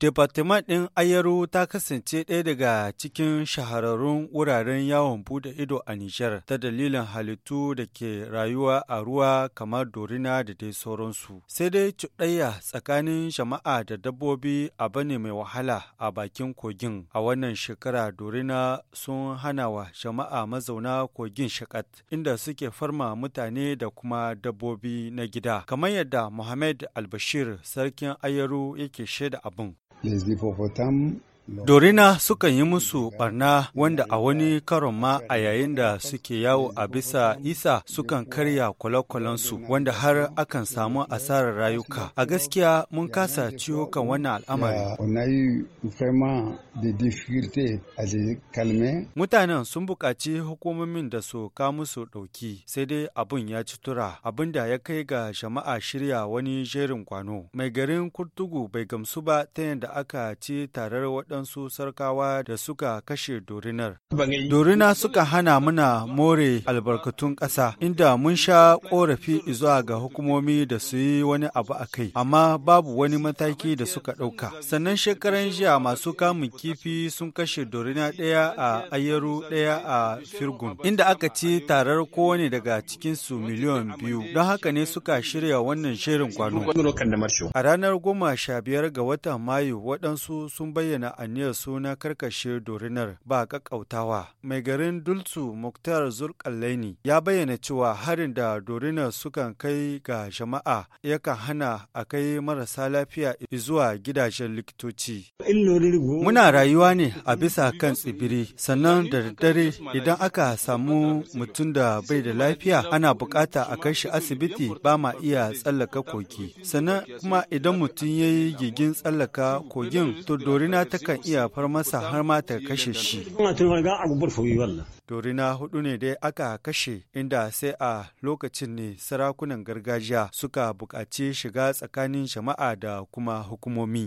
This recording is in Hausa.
Departement ɗin Ayaru ta kasance ɗaya daga cikin shahararrun wuraren yawon buɗe ido a Nijar ta dalilin halittu da ke rayuwa a ruwa kamar dorina da dai sauransu. Sai dai cuɗayya tsakanin jama'a da dabbobi abu ne mai wahala a bakin kogin. A wannan shekara dorina sun hana wa jama'a mazauna kogin shakat inda suke farma mutane da kuma dabbobi na gida. Kamar yadda Muhammad Albashir sarkin Ayaru yake shaida abin. les hippopotames Dorina sukan yi musu barna wanda a wani karon ma a yayin da suke yawo a bisa isa sukan karya kwale su wanda har akan samu asarar rayuka. A gaskiya mun kasa ciwo kan wannan al'amari. Mutanen sun buƙaci hukumomin da su ka musu ɗauki sai dai abun ya ci tura abin da ya kai ga jama'a shirya wani jerin kwano. Mai garin Kurtugu bai gamsu ba ta yadda aka ci tarar waɗansu waɗansu sarkawa da suka kashe dorinar. Dorina suka hana muna more albarkatun ƙasa, inda mun sha ƙorafi zuwa ga hukumomi da su yi wani abu a kai, amma babu wani mataki da suka ɗauka. Sannan shekaran jiya masu kamun kifi sun kashe dorina ɗaya a ayyaru ɗaya a Firgun, inda aka ci tarar kowane daga cikinsu miliyan biyu, don haka ne suka shirya wannan shirin kwano. A ranar goma sha biyar ga watan Mayu waɗansu sun bayyana a aniyar suna na karkashe dorinar ba kakkautawa. Mai garin Dultsu Muktar zulkalaini ya bayyana cewa harin da dorinar sukan kai ga jama'a yakan hana a kai marasa lafiya zuwa gidajen likitoci. Muna rayuwa ne a bisa kan tsibiri, sannan da daddare idan aka samu mutum da bai da lafiya ana bukata a kai shi asibiti ba ma iya tsallaka kogi. Sannan kuma idan mutum ya yi gigin tsallaka kogin to dorina takan iya far masa har ma ta kashe shi. Dorina hudu ne dai aka kashe inda sai a lokacin ne sarakunan gargajiya suka buƙaci shiga tsakanin jama'a da kuma hukumomi.